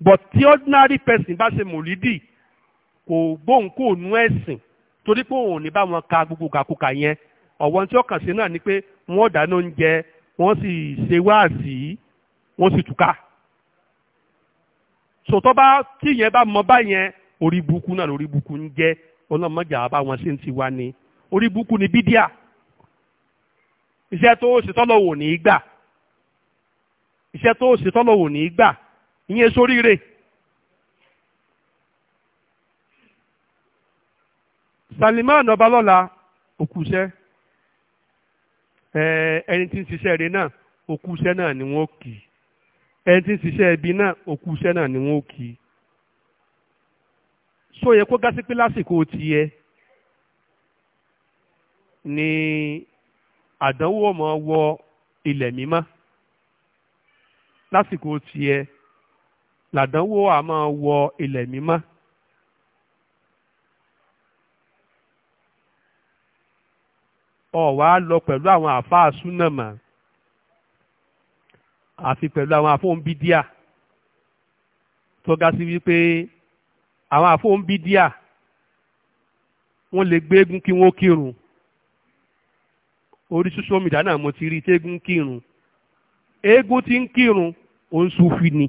but tí ordinary person bá ṣe mòlídì kò gbóhùn kò nú ẹ̀sìn torí pé òun ní bá wọn ka gbogbo kàkúkà yẹn ọ̀wọ́n tí ọkàn sí náà ni pé wọ́n dáná oúnjẹ wọ́n sì ṣe wáàsí wọ́n sì túká sòtọ́ bá tí yẹn bá mọ báyẹn orí burúkú náà lórí burúkú ń jẹ́ ọlọ́mọdé àwọn báwọn ṣe ń ti wá ni orí burúkú ni bídíà iṣẹ́ tó ṣe tọ́lọ̀ wò ní í gbà iṣẹ́ tó ṣe tọ́lọ̀ wò ní í gbà ìyẹn soríire Salman Ọbalọ́lá òkúṣẹ́ ẹni tí ń ṣiṣẹ́ rẹ̀ náà òkúṣẹ́ náà ni wọ́n kì í ẹni tí ń ṣiṣẹ́ ẹbí náà náà ni wọ́n kì í so yẹ kó gásí pé lásìkò ni àdánwò ọmọ wọ ilẹ̀ mímọ́ lásìkò làdánwò a máa wọ ilẹ̀ mímọ́. ọ̀wá lọ pẹ̀lú àwọn àfáà súnà mọ́ àfi pẹ̀lú àwọn àfóńbídíà tó ga sí wípé àwọn àfóńbídíà wọ́n lè gbégún kí wọ́n kírun orí social media náà mo ti rí tégún kírun eégún tí ń kírun ó ń ni.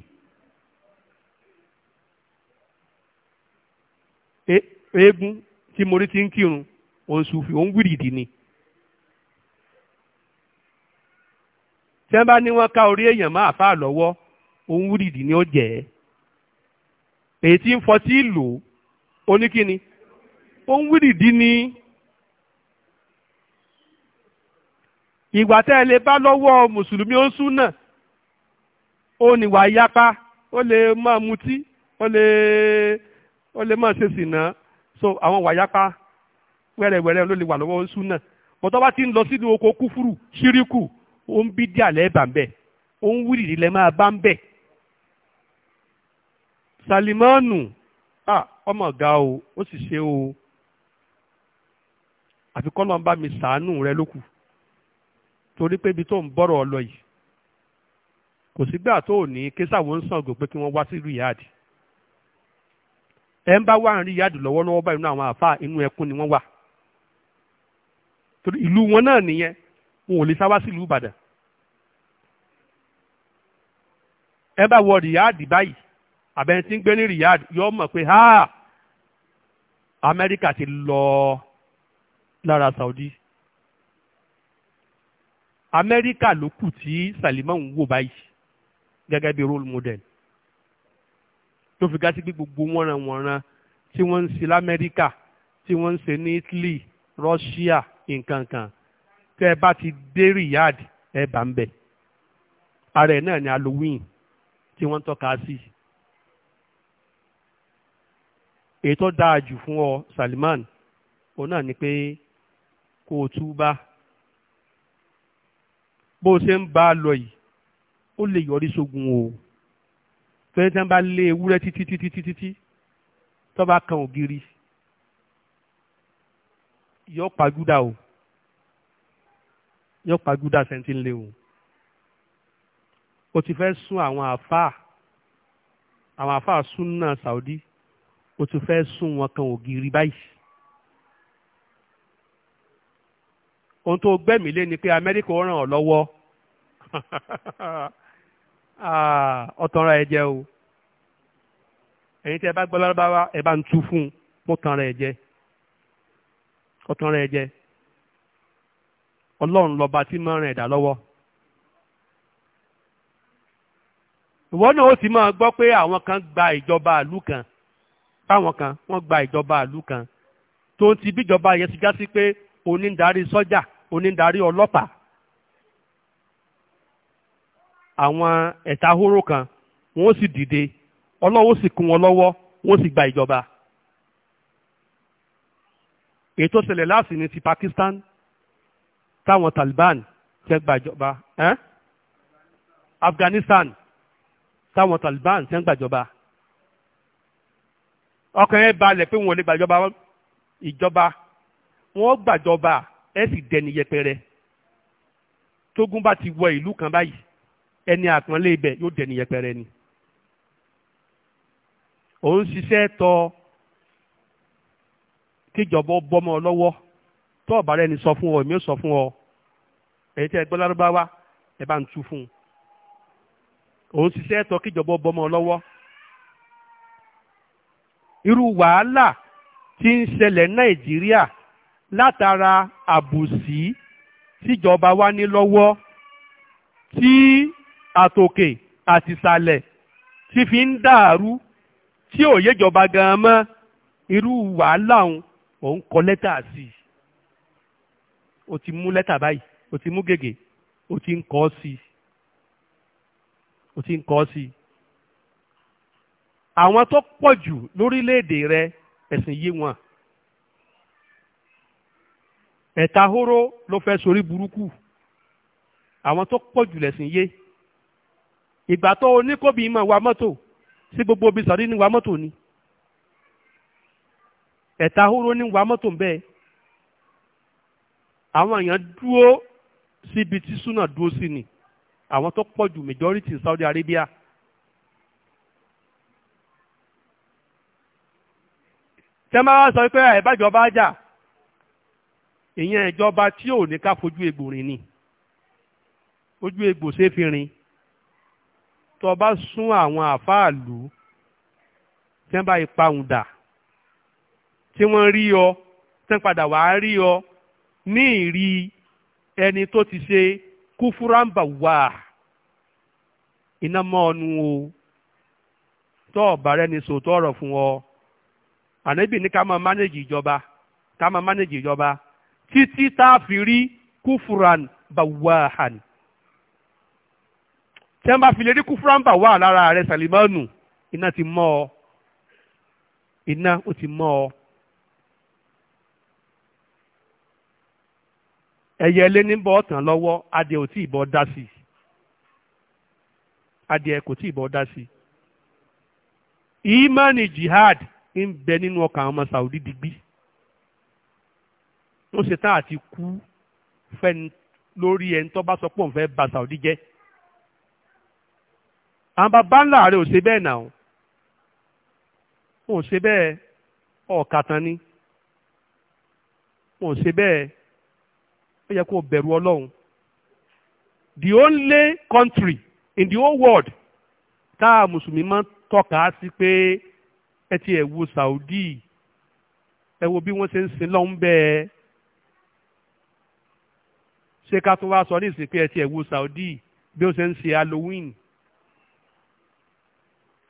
eégún tí mo ti ń kírun òun sùfì òun wìrìdì ni. tí wọ́n bá ní wọ́n ká orí èèyàn máa fà lọ́wọ́ òun wìrìdì ni ó jẹ́ ẹ́ èyí tí ń fọtí ìlú oníkíni òun wìrìdì ni ìgbà tẹ́ ẹ lè bá lọ́wọ́ mùsùlùmí ó náà ó yapa ó lè máa mutí ó lè. Le ó lè má ṣe sì ná so àwọn wàyápá wẹ́rẹ́wẹ́rẹ́ ló lè wà lọ́wọ́ súnà bọ́tọ́ bá ti ń lọ sínú oko kúfúrú ṣíríkù ó ń bí díàlẹ́ bà ń bẹ̀ ó ń wúrìrì lẹ́ máa bá ń bẹ̀. Salimanu ọmọ ọ̀gá o ó sì ṣe o àfi kọ́lọ́ bá mi sàánù rẹ lókù torí pé ibi tó ń bọ̀rọ̀ ọ lọ yìí kò sígbà tó ò ní késà ń sàn gò pé kí wọ́n wá sí Riyadh. ẹ ń bá wà ń báyìí nínú àwọn inú ni wọn wà torí wọn náà nìyẹn wọn ò lè sá wá sí ìlú Ìbàdàn wọ báyìí àbẹ̀yìn tí ń gbé ní Riyadh pé ha ti lọ lára Saudi Amẹ́ríkà ló kù tí báyìí bí role model tó fi gásí pé gbogbo wọ́nranwọ̀nran tí wọ́n ń ṣe lamẹ́ríkà tí wọ́n ń ṣe ní Italy Russia nkankan tẹ́ ẹ bá ti dé Riyadh ẹ bá ń bẹ̀ ara ẹ̀ náà ni Halloween tí wọ́n ń tọ́ka sí. èyí tó dáa jù fún ọ Salman òun náà ni pé kó o túbá bó o ṣe ń bá a lọ yìí ó lè yọrí sógun o tó yẹ tí wọ́n bá lé ewúrẹ́ títí títí títí tí tó bá kan ògiri yọ pàgùdà o yọ pàgùdà sẹ́ńtì ńlẹ̀ o o ti fẹ́ sún àwọn àfáà àwọn àfáà súnà Saudi o ti fẹ́ sún wọn kan ògiri báyìí ohun tó gbẹ̀mí lé ni pé Amẹ́ríkà ó ràn ọ́ lọ́wọ́ ọ̀tàn rẹ̀ jẹ́ o ẹ̀yin tí ẹ bá gbọ́ lárúbáwá ẹ bá ń tú fún un mo tàn rẹ̀ jẹ́ ọ̀tàn rẹ̀ jẹ́ ọlọ́run lọ́ba tí máa ràn ẹ̀dá lọ́wọ́. ìwọ náà ó sì máa gbọ́ pé àwọn kan gba ìjọba ìlú kan báwọn kan wọ́n gba ìjọba ìlú kan tó ń ti bíjọba yẹn ti já sí pé onídarí sọ́jà onídarí ọlọ́pàá àwọn ẹ̀ta hóró kan wọ́n sì dìde ọlọ́wọ́ sì kún wọn lọ́wọ́ wọ́n sì gba ìjọba. èyí tó láti ní ti Pakistan táwọn Taliban fẹ́ gba ìjọba eh? Afghanistan táwọn Taliban fẹ́ gbàjọba ọkàn yẹn balẹ̀ pé wọn lè gbàjọba ìjọba wọn gbàjọba ẹ sì dẹni yẹpẹrẹ tógun bá ti wọ ìlú kan báyìí ẹni àpọ́nlé ibẹ̀ yóò dẹni yẹpẹrẹ ni òun ṣiṣẹ́ tọ kíjọba bọ́mọ lọ́wọ́ tó ọ̀bà rẹ ni sọ fún ọ èmi ò sọ fún ọ èyí tẹ́ ẹ gbọ́ lárúbáwá ẹ bá ń tú fún un òun ṣiṣẹ́ tọ kíjọba bọ́mọ lọ́wọ́ irú wàhálà tí ń ṣẹlẹ̀ nàìjíríà látara àbùsí tíjọba wá ní lọ́wọ́ tí àtòkè àtìsàlẹ̀ tí fi ń dàrú tí ò yéjọba gan mọ́ irú wàhálà òun òun kọ lẹ́tà sí i o ti mú lẹ́tà báyìí o ti mú gègé o ti ń kọ́ sí i o ti ń kọ́ sí i àwọn tó pọ̀ jù lórílẹ̀‐èdè rẹ ẹ̀sìn yé wọn ẹ̀ta hóró ló fẹ́ sorí burúkú àwọn tó pọ̀ jù lẹ̀sìn yé ìgbà tó oníkóbi máa wa mọ́tò sí gbogbo ibi sọ̀rí ní wa mọ́tò ni ẹ̀ta hóró ní wa mọ́tò ń bẹ́ẹ̀ àwọn èèyàn dúró síbi tí súnà dúró sí ni àwọn tó pọ̀ jù majority Saudi Arabia. tẹ́ máa wá sọ pé àìbájọba jà ìyẹn ìjọba tí ò ní ká fojú egbò rìn ni ojú egbò ṣe fi rìn tó o bá sún àwọn àfáàlú tí wọ́n bá ipa òun dà tí wọ́n rí ọ tí wọ́n padà wàá rí ọ ní ìrí ẹni tó ti ṣe kúfúrámbà wà iná mọ́ ọnu o tó ọ̀bà rẹ ni sòótọ́ ọ̀rọ̀ fún ọ ànábì ní ká máa mánéjì ìjọba ká máa mánéjì ìjọba títí tá a fi rí kúfúrán bàwáhàn. tí wọ́n bá fi lara are wà ti mọ́ ọ ọ. ẹyẹ ilé ní bọ́ tàn lọ́wọ́ adìẹ ò tí ì bọ́ jihad ń bẹ nínú ọkàn àwọn ọmọ Saudi digbí wọ́n ṣe tán àti kú fẹ́ni lórí ẹni bá sọ ba Saudi jẹ́. àwọn bàbá ńlá rẹ̀ ò ṣe bẹ́ẹ̀ náà wọn ò ṣe bẹ́ẹ̀ ọ̀kàtàn ni ò ṣe bẹ́ẹ̀ ó yẹ kó o bẹ̀rù ọlọ́run the only country in the whole world tá a mùsùlùmí máa ń tọ́ka sí pé ẹ ti ẹ̀ wo Saudi ẹ wo bí wọ́n ṣe ń sin lọ́n bẹ́ẹ̀ ṣé ká tún wá sọ ní ìsìn pé ẹ ti ẹ̀ wo Saudi bí ó ṣe ń ṣe Halloween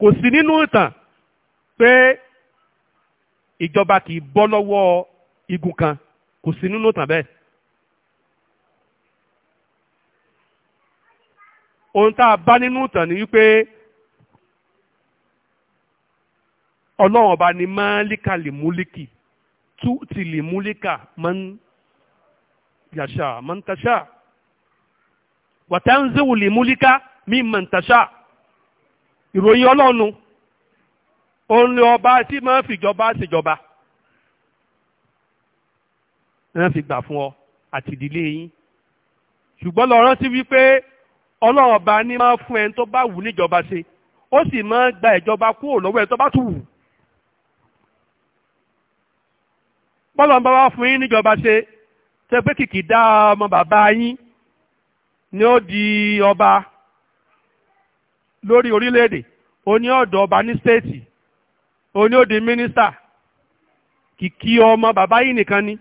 kò sí nínú ìtàn pé ìjọba kì í bọ́ lọ́wọ́ igun kan kò sí nínú ìtàn bẹ́ẹ̀. ohun tá a bá nínú ìtàn ni wípé ọlọ́run ọba ni máàlíkà lè múlíkì tú ti lè múlíkà máa ń yàṣà máa ń taṣà wàtá ń zéwò lè múlíkà mí máa ń taṣà ìròyìn ọlọ́run òun ni ọba tí máa ń fìjọba ṣèjọba náà fi gbà fún ọ àti ìdílé yín ṣùgbọ́n lọ rántí wípé ọlọ́run ọba ní máa fún ẹni tó bá wù níjọba ṣe ó sì máa ń gba ìjọba kúrò lọ́wọ́ ẹni tó bá tù wù. bọ́lọ̀ ń bá wá fún yín níjọba ṣe ṣe pé kìkì dá ọmọ bàbá yín ni ó di ọba lórí orílẹ̀-èdè oní ọ̀dọ̀ ọba ní stéètì oní òdi mínísítà kìkì ọmọ bàbá yìí nìkan ni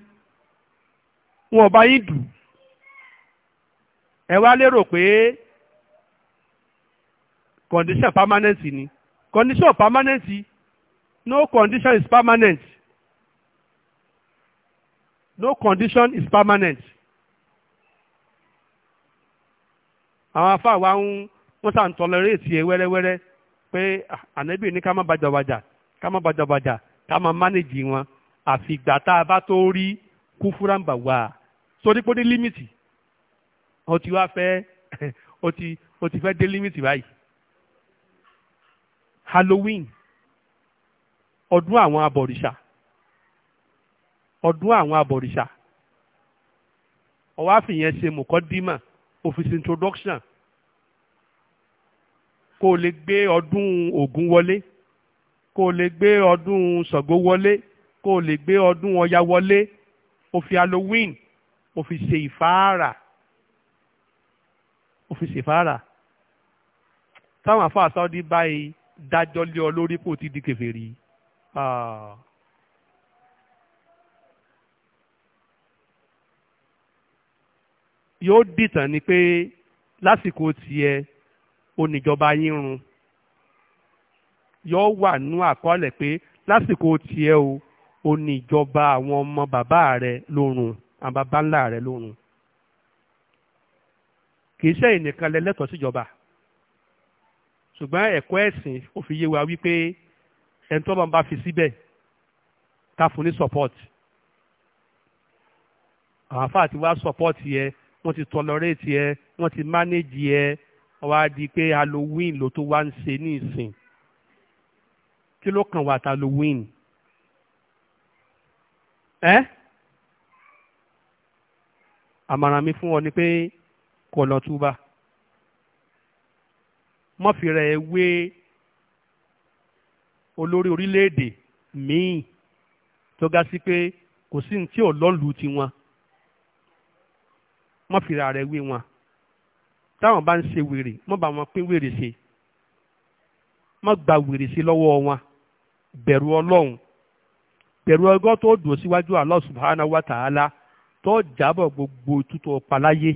wọn ọba yìí dù ẹ wá lérò pé condition permanent ni condition permanent no condition is permanent no condition is permanent àwọn afáwa ń wọ́n sá ń tọ́lẹ́rẹ́tì ẹ wẹ́rẹ́wẹ́rẹ́ pé ah, ànábì ní ká má bàjàbàjà ká má bàjàbàjà ká má mánéjì wọn àfi ìgbà tá a bá tó rí kúfúràǹbà wà sórí pé ó dé límìtì ó ti wá fẹ́ ó ti ó ti fẹ́ dé límìtì báyìí Halloween ọdún àwọn abọ̀rìṣà ọdún àwọn abọ̀rìṣà ọwọ́ àfihàn ṣe mọ̀kọ́ dímà ó fi ṣe introduction kó o lè gbé ọdún Ògún wọlé kó o lè gbé ọdún Ṣàngó wọlé kó o lè gbé ọdún Ọya wọlé o fi Halloween o fi ṣe ìfáàrà o fi ṣe ìfáàrà táwọn àfáà sáwọ́dí báyìí dájọ́ lé ọ lórí kò ti di kèfèrí. Ah. yóò dìtàn ni pé lásìkò tiẹ̀ oníjọba yín run yóò wà nú àkọọ́lẹ̀ pé lásìkò tiẹ̀ o oníjọba àwọn ọmọ bàbá rẹ lórun àwọn bàbá ńlá rẹ lórun kìí ṣe ìnìkan lẹ́lẹ́tọ̀ọ́ síjọba ṣùgbọ́n ẹ̀kọ́ ẹ̀sìn ó fi yé wa wípé ẹni tó bá fi síbẹ̀ ká fún ní support àwọn afáà ti support yẹ wọ́n ti tolerate yẹ wọ́n ti manage yẹ ó wá di pé halloween ló tó wá ń ṣe ní ìsìn kí ló kàn wá ta halloween ẹ àmàràn mi fún ọ ni pé kò lọ túbà mọ́fìrà ẹ wé olórí orílẹ̀-èdè míì tó ga sí pé kò sí ní tí ò lọ́lùú tiwọn mọ́fìrà rẹ wé wọn. táwọn bá ń ṣe wèrè mọ́ bá wọn pín wèrè ṣe mọ́ gba wèrè ṣe lọ́wọ́ wọn bẹ̀rù ọlọ́run bẹ̀rù ọgọ́ tó dùn síwájú Allah subhanahu wa ta'ala tó jábọ̀ gbogbo tútù paláyé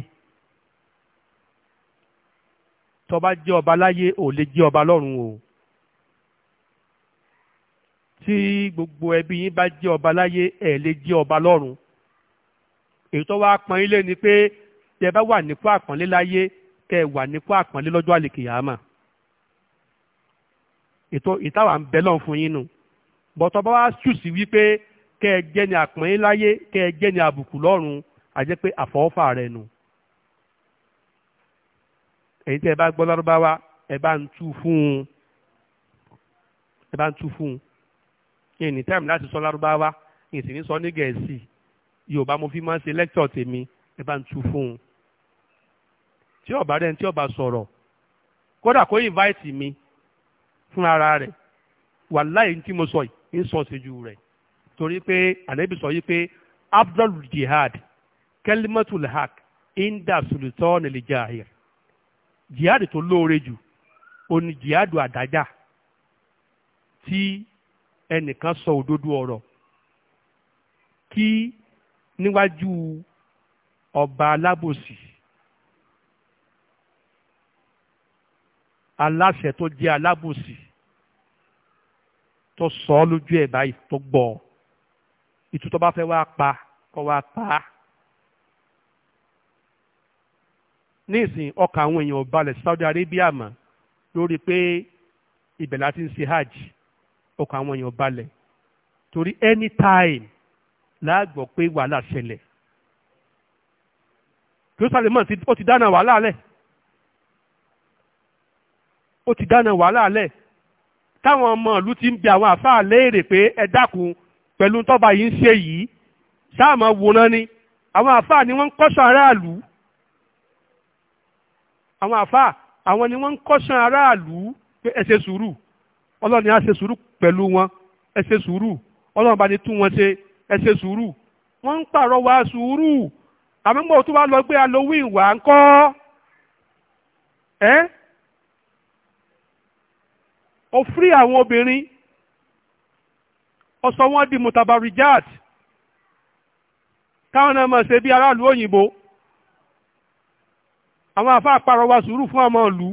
tó bá jẹ́ ọba láyé ò lè jẹ́ ọba lọ́run o tí gbogbo ẹbí yín bá jẹ́ ọba láyé ẹ̀ lè jẹ́ ọba lọ́run èyí tó wá pọn ilé ni pé tẹ́ bá wà nípò àpọ́nlé láyé kẹ́ ẹ wà nípò àpọ́nlé lọ́jọ́ àlèkìyàmà ètò ìtawà ń bẹ lọ́n fún yín nù bọ́tọ̀ bá wá ṣùsì wípé kẹ́ ẹ jẹ́ ni àpọ́nlé láyé kẹ́ ẹ jẹ́ ni àbùkù lọ́run àjẹ́ pé àfọwọ́fà rẹ̀ nù èyí tí ẹ bá gbọ́ lárúbáwá ẹ bá ń tú fún ẹ bá ń tú fún un kí táìmù láti sọ lárúbáwá kí sì ní sọ ní gẹ̀ẹ́sì yorùbá mo fi máa ń ṣe lẹ́kítọ̀ tèmi ẹ bá ń tú fún un. tí ọba rẹ̀ tí ọba sọrọ kódà kó invite mi fún ara rẹ̀ wàláhì tí mo sọ yìí ń sọ síjú rẹ̀ torí pé ànábì sọ yìí pé abdul jihad kelimatul haq inda sultan lil jahir jihad tó lóore jù ó jihad àdájà tí ẹnìkan sọ òdodo ọ̀rọ̀ kí níwájú ọba alábòsí aláṣẹ tó jẹ́ alábòsí tó sọ so lójú eba báyìí tó gbọ́ ọ bá pa kọ wá pa á. nísìn ọkàn àwọn èèyàn balẹ̀ Saudi Arabia mọ́ lórí pé ibẹ̀ láti ń ṣe hajj ọkàn àwọn èèyàn balẹ̀ torí anytime láàgbọ̀ pé wàhálà ṣẹlẹ̀ ti dáná wàhálà lẹ̀. ó ti dáná wàhálà lẹ̀ táwọn ọmọ ìlú ti ń bi àwọn àfáà léèrè pé ẹ dákun pẹ̀lú tọ́ba yìí ń ṣe yìí sáàmọ̀ wòran ni àwọn àfáà ni wọ́n ń kọ́ṣọ́ aráàlú àwọn àfáà àwọn ni wọ́n ń kọ́ṣọ́ aráàlú pé ẹ ṣe sùúrù ọlọ́run ni á ṣe sùúrù pẹ̀lú wọn ẹ ṣe sùúrù ọlọ́run bá ní tún wọn ṣe ẹ ṣe sùúrù wọ́n ń pààrọ̀ wá sùúrù àmọ́ mọ́ tó bá lọ gbé halloween wà ń kọ́ ẹ́ ó fírí àwọn obìnrin ó sọ wọ́n di mutabarijat káwọn náà máa ṣe bí aráàlú òyìnbó àwọn àfáà pàrọwà sùúrù fún ọmọ ìlú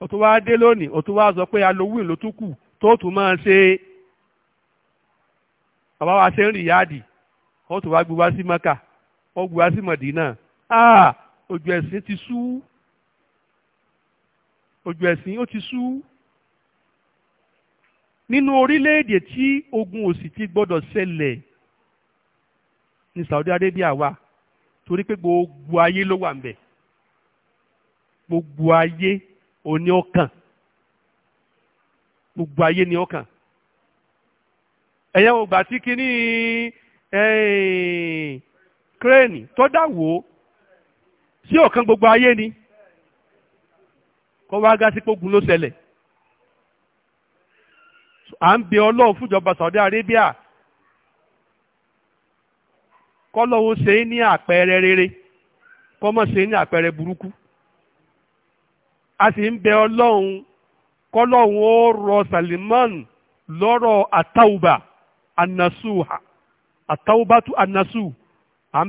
ó tún wá dé lónìí ó tún wá sọ pé halloween ló tún kù tó tún máa ṣe bàbá wa ṣe ń rìn yáàdì ó tún wá gbé wá sí maka ó gbé wá sí mọ̀dínà ojú ẹ̀sìn ti sú òjò ẹ̀sìn ó ti sú nínú orílẹ̀-èdè tí ogun òsì ti gbọ́dọ̀ ṣẹlẹ̀ ní Saudi Arabia wa torí pé gbogbo ayé ló wà ń bẹ̀ gbogbo ayé òní ọkàn gbogbo ayé ni ọkàn ẹ̀yẹ́ wo gbà tí kínní kírẹ́ẹ̀nì eh, tó dà wò sí ọ̀kan gbogbo ayé ni. kó wá gá sí pógun ló ṣẹlẹ̀ à ń bẹ ọlọ́run Arabia ṣe é ní àpẹẹrẹ rere kọ́mọ̀ ṣe é ní àpẹẹrẹ burúkú a sì ń bẹ ọlọ́run kọ́lọ́run ó rọ lọ́rọ̀ àtàwùbà àtàwùbà tó à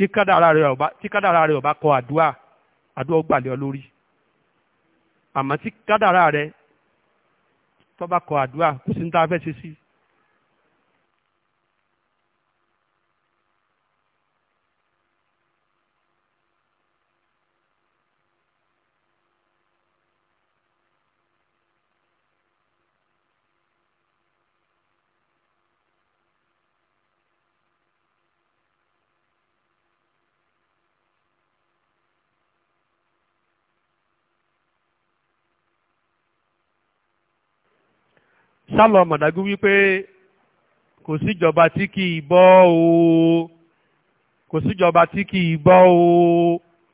tí kádàrá rẹ ọba tí kádàrá rẹ ọba kọ àdúrà àdúrà ó gbàlẹ́ ọ lórí àmọ́ tí kádàrá rẹ tọ́ba kọ àdúrà kò tá a fẹ́ ṣe sí sálọ mọ̀dágún wípé kò síjọba tí kì í bọ́ o kò síjọba tí kì í bọ́ o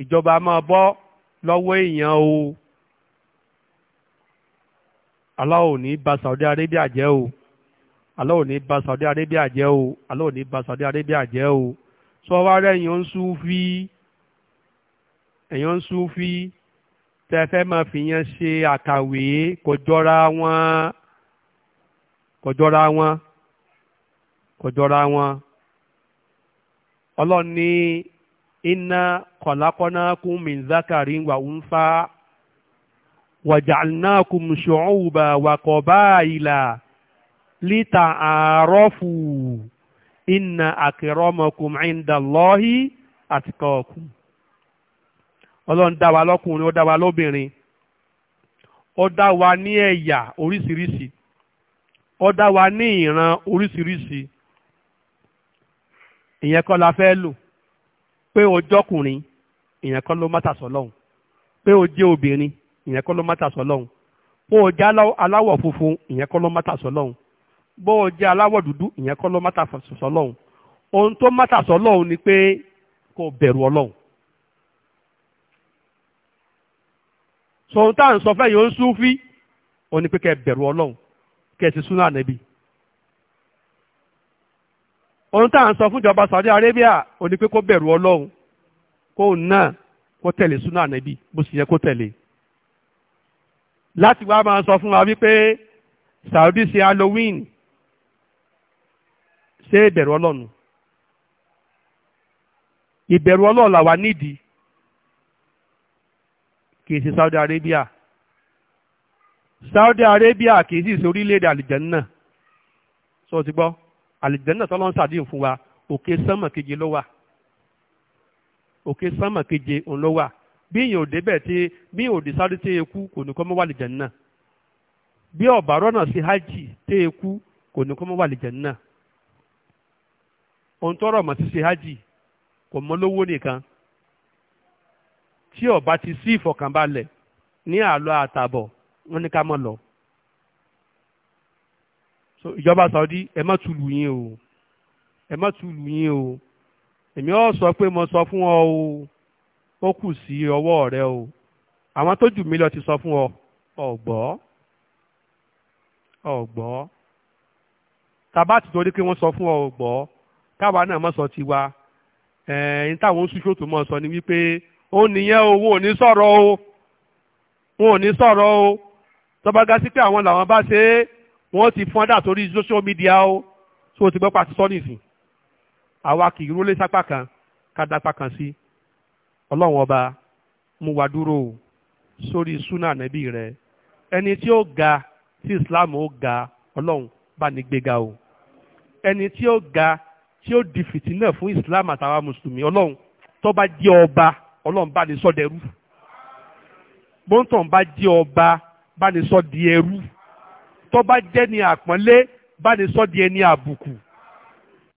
ìjọba máa bọ́ lọ́wọ́ èèyàn o Allah ò ní bà Saudi Arabia jẹ́ o Allah ò ní bà Saudi Arabia jẹ́ o Allah ní bà Saudi Arabia jẹ́ o sọ́wárẹ́ èèyàn ń Súfí èèyàn ń Súfí tẹ́fẹ́ máa fi yẹn ṣe àkàwé kò jọra wọn kò jọra wọn kò jọra wọn ọlọ́run ní iná kọ̀lákọ́nákún min zakarin wà ń fa wàjàlnákùn ṣùọ́ùbà wàkọ̀bá ìlà lítà àárọ́fù iná àkìrọ́mọkùn ìndàlọ́hí àti kọ̀ọ̀kùn ọlọ́run dá wa lọ́kùnrin ó dá wa lóbìnrin ó dá wa ní ẹ̀yà oríṣiríṣi ó dá wa ní ìran oríṣiríṣi ìyẹn kọ́ la fẹ́ lò pé o jọ́kùnrin ìyẹn kọ́ ló mátà sọ́lọ́hún pé o jẹ́ obìnrin ìyẹn kọ́ ló mátà sọ́lọ́hún bó o jẹ́ aláwọ̀ funfun ìyẹn kọ́ ló mátà sọ́lọ́hún bó o jẹ́ aláwọ̀ dúdú ìyẹn kọ́ ló mátà sọ́lọ́hún ohun tó mátà sọ́lọ́hún ni pé kò bẹ̀rù ọlọ́hún. sọ̀hún tá à ń sọ fẹ́ yóò ń sún fí òní pé kẹ́ bẹ̀rù ọlọ́hún kẹ̀sì súnà nẹ́bí ohun tá à ń sọ fún ìjọba Saudi Arabia ó ní pé kó bẹ̀rù Ọlọ́run kó náà kó tẹ̀lé súnà nẹ́bí bó sì yẹ kó tẹ̀lé láti wá máa sọ fún wa wípé Saudi ṣe Halloween ṣé ìbẹ̀rù Ọlọ́run ìbẹ̀rù Ọlọ́run làwa nídìí kì í ṣe Saudi Arabia. Saudi Arabia kì í sì sí orílẹ̀-èdè àlìjẹ́nà sọ ti gbọ́ àlìjẹ́nà tọ́lọ́ ń sàdéhùn fún wa keje ló wà òkè sánmà keje òun ló wà bí èèyàn ò débẹ̀ tí bí èèyàn ò dé sáré tí eku kò ní kọ́ mọ́ wà àlìjẹ́nà bí ọ̀bà rọ́nà sí hajj tí eku kò ní kọ́ mọ́ wà tọrọ sí ṣe hajj kò mọ́ lówó nìkan tí ọ̀bà ti sí ìfọ̀kànbalẹ̀ ní àlọ́ àtàbọ̀ wọ́n ní ká mọ̀ lọ. so ìjọba Saudi ẹ má tu lù yín o ẹ má tu lù yín o èmi ọ̀ sọ pé mo sọ fún ọ o ó kù sí ọwọ́ rẹ o àwọn tó jù mí lọ ti sọ fún ọ ọ gbọ́ ọ gbọ́ tàbá ti torí pé wọ́n sọ fún ọ ọ gbọ́ káwa náà mọ̀ sọ tiwa ẹ̀ẹ́n táwọn oṣù ṣòtò mọ̀ sọ ni wípé ó nìyẹn o wọn ò ní sọ̀rọ̀ o wọn ò ní sọ̀rọ̀ o tọ́ba ga sí pé àwọn làwọn bá ṣe é wọ́n ti fọ́n dà torí social media ó tí o ti gbọ́ pàṣẹ sọ́ọ́nì sìn àwa kì í rólé sápá kan ká dápá kan sí ọlọ́run ọba mú wa dúró sórí súnà nẹ́bí rẹ ẹni tí ó ga tí Islam ó ga ọlọ́run bá ní gbéga o ẹni tí ó ga tí ó di fìtínà fún Islam àtàwọn mùsùlùmí ọlọ́run tó bá jẹ́ ọba ọlọ́run bá ní sọ́dẹ̀rú bóńtàn bá jẹ́ ọba bá ní sọ di ẹrú tó bá jẹ́ ní àpọ́nlé bá ní sọ di ẹni àbùkù